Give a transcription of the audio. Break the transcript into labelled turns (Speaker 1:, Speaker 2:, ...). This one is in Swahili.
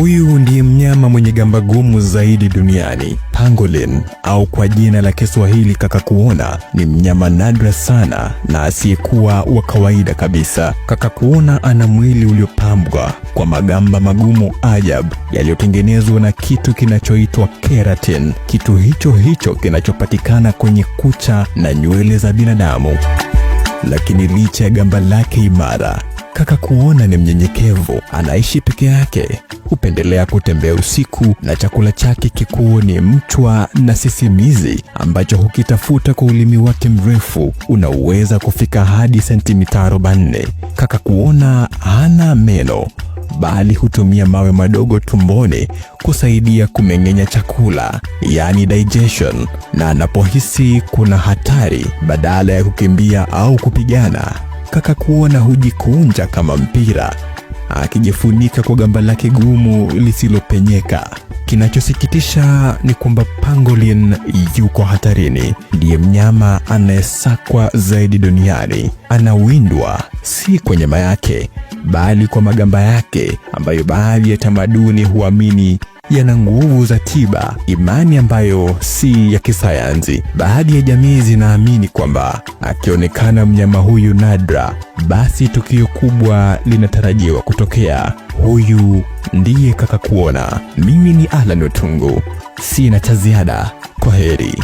Speaker 1: Huyu ndiye mnyama mwenye gamba gumu zaidi duniani. Pangolin au kwa jina la Kiswahili kakakuona ni mnyama nadra sana na asiyekuwa wa kawaida kabisa. Kakakuona ana mwili uliopambwa kwa magamba magumu ajabu yaliyotengenezwa na kitu kinachoitwa keratin, kitu hicho hicho kinachopatikana kwenye kucha na nywele za binadamu. Lakini licha ya gamba lake imara kaka kuona ni mnyenyekevu, anaishi peke yake, hupendelea kutembea usiku na chakula chake kikuu ni mchwa na sisimizi ambacho hukitafuta kwa ulimi wake mrefu unaoweza kufika hadi sentimita 40. Kaka kuona hana meno bali hutumia mawe madogo tumboni kusaidia kumeng'enya chakula, yaani digestion, na anapohisi kuna hatari, badala ya kukimbia au kupigana kakakuona hujikunja kama mpira, akijifunika kwa gamba lake gumu lisilopenyeka. Kinachosikitisha ni kwamba pangolin yuko hatarini. Ndiye mnyama anayesakwa zaidi duniani. Anawindwa si kwa nyama yake, bali kwa magamba yake ambayo baadhi ya tamaduni huamini yana nguvu za tiba, imani ambayo si ya kisayansi. Baadhi ya jamii zinaamini kwamba akionekana mnyama huyu nadra, basi tukio kubwa linatarajiwa kutokea. Huyu ndiye kaka kuona. Mimi ni Alan Otungu, sina cha ziada. Kwa heri.